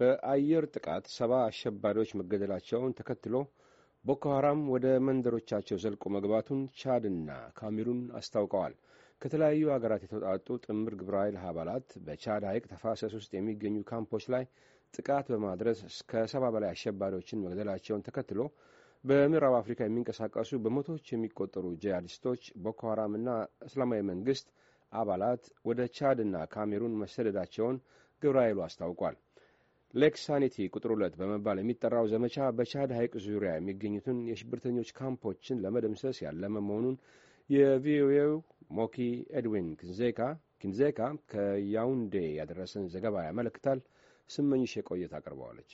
በአየር ጥቃት ሰባ አሸባሪዎች መገደላቸውን ተከትሎ ቦኮ ሐራም ወደ መንደሮቻቸው ዘልቆ መግባቱን ቻድና ካሜሩን አስታውቀዋል። ከተለያዩ አገራት የተውጣጡ ጥምር ግብረ ኃይል አባላት በቻድ ሐይቅ ተፋሰስ ውስጥ የሚገኙ ካምፖች ላይ ጥቃት በማድረስ እስከ ሰባ በላይ አሸባሪዎችን መግደላቸውን ተከትሎ በምዕራብ አፍሪካ የሚንቀሳቀሱ በመቶዎች የሚቆጠሩ ጂሃዲስቶች ቦኮ ሐራምና እስላማዊ መንግስት አባላት ወደ ቻድና ካሜሩን መሰደዳቸውን ግብረ ኃይሉ አስታውቋል። ሌክሳኒቲ ቁጥር ሁለት በመባል የሚጠራው ዘመቻ በቻድ ሐይቅ ዙሪያ የሚገኙትን የሽብርተኞች ካምፖችን ለመደምሰስ ያለመ መሆኑን የቪኦኤው ሞኪ ኤድዊን ኪንዜካ ኪንዜካ ከያውንዴ ያደረሰን ዘገባ ያመለክታል። ስመኝሽ የቆየት አቅርበዋለች።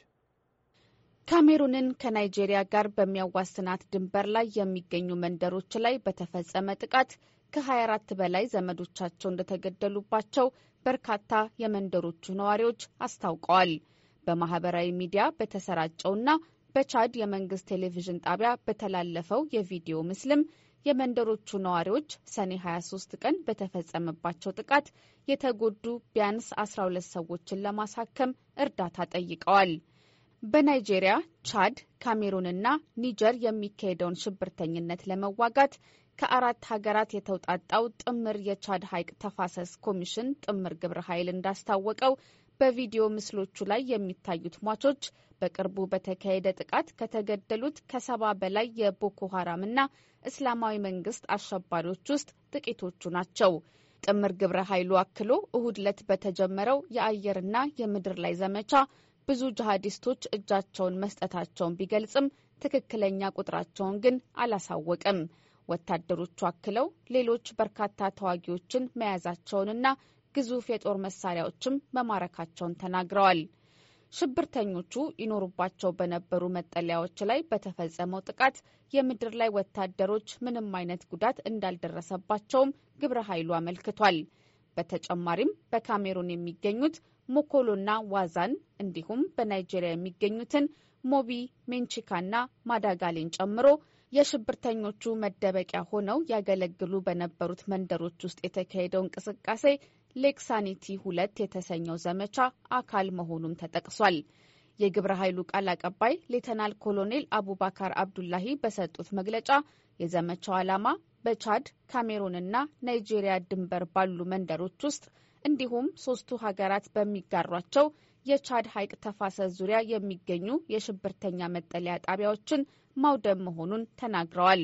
ካሜሩንን ከናይጄሪያ ጋር በሚያዋስናት ድንበር ላይ የሚገኙ መንደሮች ላይ በተፈጸመ ጥቃት ከ24 በላይ ዘመዶቻቸው እንደተገደሉባቸው በርካታ የመንደሮቹ ነዋሪዎች አስታውቀዋል። በማህበራዊ ሚዲያ በተሰራጨውና በቻድ የመንግስት ቴሌቪዥን ጣቢያ በተላለፈው የቪዲዮ ምስልም የመንደሮቹ ነዋሪዎች ሰኔ 23 ቀን በተፈጸመባቸው ጥቃት የተጎዱ ቢያንስ 12 ሰዎችን ለማሳከም እርዳታ ጠይቀዋል። በናይጄሪያ፣ ቻድ፣ ካሜሩንና ኒጀር የሚካሄደውን ሽብርተኝነት ለመዋጋት ከአራት ሀገራት የተውጣጣው ጥምር የቻድ ሐይቅ ተፋሰስ ኮሚሽን ጥምር ግብረ ኃይል እንዳስታወቀው በቪዲዮ ምስሎቹ ላይ የሚታዩት ሟቾች በቅርቡ በተካሄደ ጥቃት ከተገደሉት ከሰባ በላይ የቦኮ እና እስላማዊ መንግስት አሸባሪዎች ውስጥ ጥቂቶቹ ናቸው። ጥምር ግብረ ኃይሉ አክሎ እሁድ ዕለት በተጀመረው የአየርና የምድር ላይ ዘመቻ ብዙ ጂሃዲስቶች እጃቸውን መስጠታቸውን ቢገልጽም ትክክለኛ ቁጥራቸውን ግን አላሳወቅም። ወታደሮቹ አክለው ሌሎች በርካታ ተዋጊዎችን መያዛቸውንና ግዙፍ የጦር መሳሪያዎችም መማረካቸውን ተናግረዋል። ሽብርተኞቹ ይኖሩባቸው በነበሩ መጠለያዎች ላይ በተፈጸመው ጥቃት የምድር ላይ ወታደሮች ምንም አይነት ጉዳት እንዳልደረሰባቸውም ግብረ ኃይሉ አመልክቷል። በተጨማሪም በካሜሩን የሚገኙት ሞኮሎና ዋዛን እንዲሁም በናይጄሪያ የሚገኙትን ሞቢ ሜንቺካና ማዳጋሌን ጨምሮ የሽብርተኞቹ መደበቂያ ሆነው ያገለግሉ በነበሩት መንደሮች ውስጥ የተካሄደው እንቅስቃሴ ሌክሳኒቲ ሁለት የተሰኘው ዘመቻ አካል መሆኑም ተጠቅሷል። የግብረ ኃይሉ ቃል አቀባይ ሌተናል ኮሎኔል አቡባካር አብዱላሂ በሰጡት መግለጫ የዘመቻው ዓላማ በቻድ ካሜሩንና ናይጄሪያ ድንበር ባሉ መንደሮች ውስጥ እንዲሁም ሶስቱ ሀገራት በሚጋሯቸው የቻድ ሐይቅ ተፋሰስ ዙሪያ የሚገኙ የሽብርተኛ መጠለያ ጣቢያዎችን ማውደም መሆኑን ተናግረዋል።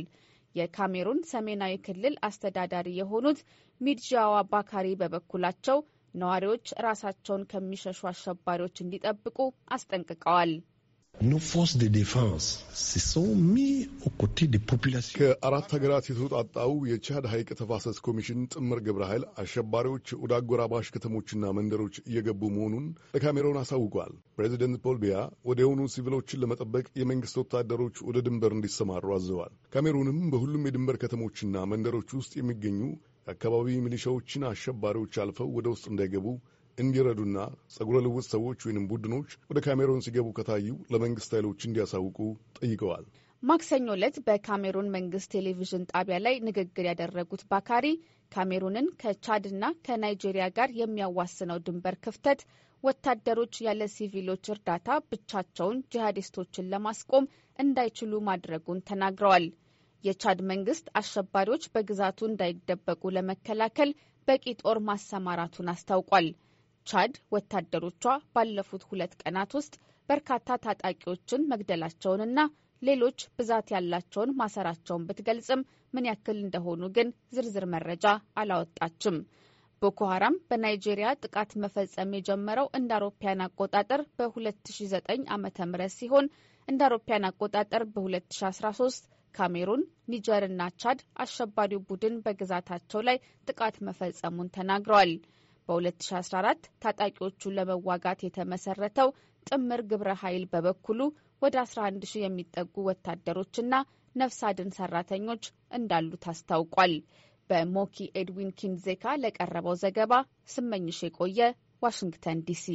የካሜሩን ሰሜናዊ ክልል አስተዳዳሪ የሆኑት ሚድዣዋ ባካሪ በበኩላቸው ነዋሪዎች ራሳቸውን ከሚሸሹ አሸባሪዎች እንዲጠብቁ አስጠንቅቀዋል። Nos forces de défense se sont mis aux côtés des populations. ከአራት ሀገራት የተውጣጣው የቻድ ሐይቅ ተፋሰስ ኮሚሽን ጥምር ግብረ ኃይል አሸባሪዎች ወደ አጎራባሽ ከተሞችና መንደሮች እየገቡ መሆኑን ለካሜሮን አሳውቋል። ፕሬዚደንት ፖል ቢያ ወዲያውኑ ሲቪሎችን ለመጠበቅ የመንግስት ወታደሮች ወደ ድንበር እንዲሰማሩ አዘዋል። ካሜሮንም በሁሉም የድንበር ከተሞችና መንደሮች ውስጥ የሚገኙ የአካባቢ ሚሊሻዎችን አሸባሪዎች አልፈው ወደ ውስጥ እንዳይገቡ እንዲረዱና ጸጉረ ልውጥ ሰዎች ወይንም ቡድኖች ወደ ካሜሮን ሲገቡ ከታዩ ለመንግስት ኃይሎች እንዲያሳውቁ ጠይቀዋል። ማክሰኞ ዕለት በካሜሩን መንግስት ቴሌቪዥን ጣቢያ ላይ ንግግር ያደረጉት ባካሪ ካሜሩንን ከቻድና ከናይጄሪያ ጋር የሚያዋስነው ድንበር ክፍተት ወታደሮች ያለ ሲቪሎች እርዳታ ብቻቸውን ጂሃዲስቶችን ለማስቆም እንዳይችሉ ማድረጉን ተናግረዋል። የቻድ መንግስት አሸባሪዎች በግዛቱ እንዳይደበቁ ለመከላከል በቂ ጦር ማሰማራቱን አስታውቋል። ቻድ ወታደሮቿ ባለፉት ሁለት ቀናት ውስጥ በርካታ ታጣቂዎችን መግደላቸውንና ሌሎች ብዛት ያላቸውን ማሰራቸውን ብትገልጽም ምን ያክል እንደሆኑ ግን ዝርዝር መረጃ አላወጣችም። ቦኮ ሀራም በናይጄሪያ ጥቃት መፈጸም የጀመረው እንደ አውሮፓያን አቆጣጠር በ2009 ዓ.ም ሲሆን እንደ አውሮፓያን አቆጣጠር በ2013 ካሜሩን፣ ኒጀርና ቻድ አሸባሪው ቡድን በግዛታቸው ላይ ጥቃት መፈጸሙን ተናግረዋል። በ2014 ታጣቂዎቹን ለመዋጋት የተመሰረተው ጥምር ግብረ ኃይል በበኩሉ ወደ 11 ሺህ የሚጠጉ ወታደሮችና ነፍስ አድን ሰራተኞች እንዳሉት አስታውቋል። በሞኪ ኤድዊን ኪንዜካ ለቀረበው ዘገባ ስመኝሽ የቆየ ዋሽንግተን ዲሲ